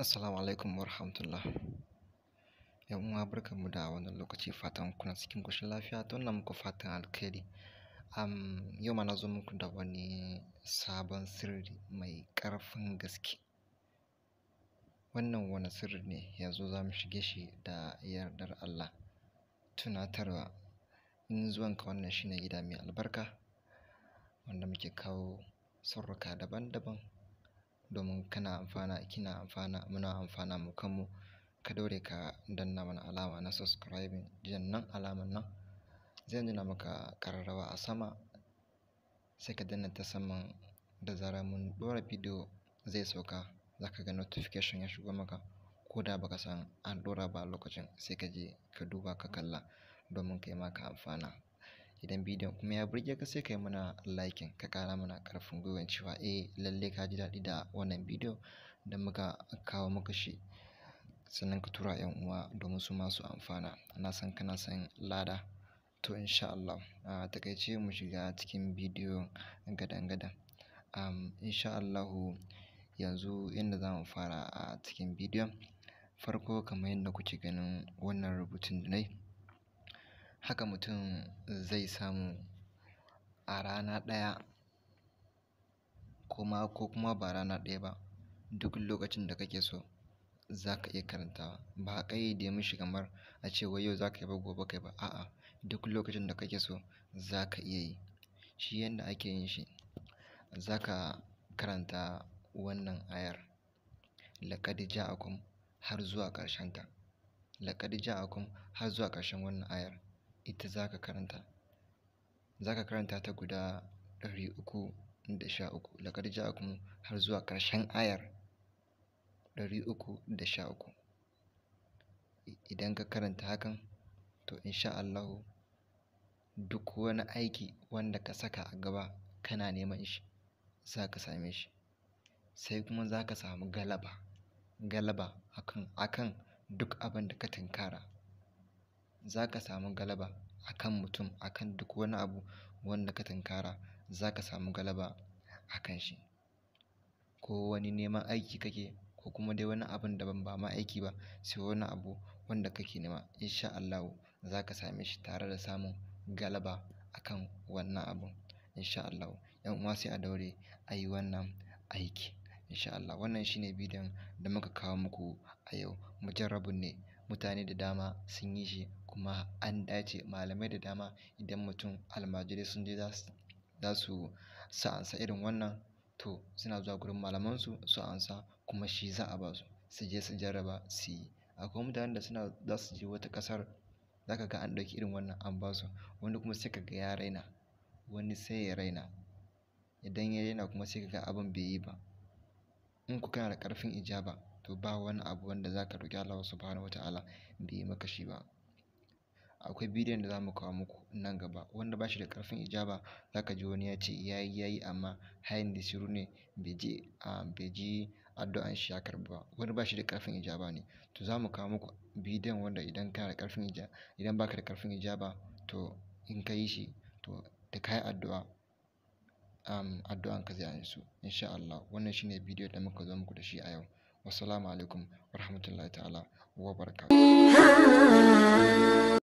Assalamu alaikum wa rahmatullah. ‘Yan uwa barkanmu da wannan lokaci fatan kuna cikin ƙoshin lafiya to wannan muku fatan alkhairi. Am yau ma na zo muku da wani sabon sirri mai karfin gaske. Wannan wani sirri ne yanzu za mu shige shi da yardar Allah. Tunatarwa in ka wannan shine gida mai albarka wanda muke kawo sirrika daban-daban domin kana amfana, kina amfana, muna amfana mu kanmu. Ka daure ka danna mana alama na subscribing. nan alaman nan zai nuna maka kararrawa a sama sai ka danna ta saman da zara mun ɗora bidiyo zai sauka zaka ga notification ya shigo maka ko da baka san an ɗora ba lokacin sai ka je ka duba ka kalla domin kai ma ka amfana. idan bidiyon kuma ya burge ka sai ka mana laikin ka ƙara mana ƙarfin gwiwan cewa eh lalle ka ji daɗi da wannan bidiyo da muka kawo maka shi sannan ka tura yan uwa domin su masu amfana na san kana san lada to insha Allah a takaice mu shiga cikin bidiyo gadan-gadan um, insha Allahu yanzu inda za mu fara a cikin bidiyon farko kamar yadda kuke ganin wannan rubutun da na yi haka mutum zai samu a rana ɗaya kuma ko kuma ba rana ɗaya ba duk lokacin da kake so za ka iya karanta. ba a ƙayyade mishi kamar a ce wai yau za ka yi ba gobe kai ba a'a duk lokacin da kake so za ka iya yi shi yadda ake yin shi za ka karanta wannan ayar laƙad ja'akum har zuwa ƙarshenta laƙad ja'akum har zuwa ƙarshen wannan ayar ita za ka karanta za ka karanta ta guda ɗari uku da sha uku laƙad ja'akum har zuwa ƙarshen ayar ɗari uku da sha uku idan ka karanta hakan to insha Allahu duk wani aiki wanda ka saka a gaba kana neman shi za ka same shi sai kuma za ka samu galaba galaba akan akan duk abin da ka tunkara za ka samu galaba a kan mutum, a kan duk wani abu wanda ka tinkara za ka samu galaba a kan shi. Ko wani neman aiki kake ko kuma dai wani abun ban ba ma aiki ba sai wani abu wanda kake nema insha Allah za ka same shi tare da samun galaba a kan wannan abun insha Allah 'Yan uwa sai a daure a yi wannan aiki insha Allah. Wannan shine bidiyon da muka kawo muku a yau. Mujarrabun ne. Mutane da dama sun yi shi. kuma an dace malamai da dama idan mutum almajirai sun je za su sa ansa irin wannan to suna zuwa gurin malamansu su ansa kuma shi za a ba su je su jarraba su yi akwai mutanen da suna za su je wata ƙasar za ka ga an ɗauki irin wannan an ba su wani kuma sai ka ga ya raina wani sai ya raina idan ya raina kuma sai ka ga abin bai yi ba in ku kana da ƙarfin ijaba to ba wani abu wanda za ka roƙi Allah subhanahu wa ta'ala bai yi maka shi ba akwai bidiyon da za mu kawo muku nan gaba wanda ba shi da ƙarfin ijaba za ka ji wani ya ce ya yi amma har yanzu shiru ne bai ji bai addu'an shi ya karɓu ba wani ba shi da ƙarfin ijaba ne to za mu kawo muku bidiyon wanda idan kana da ƙarfin ijaba idan baka da ƙarfin ijaba to in ka yi shi to da ka yi addu'a addu'an ka zai ansu insha Allah wannan shine bidiyon da muka zo muku da shi a yau wassalamu alaikum warahmatullahi ta'ala wa barakatuhu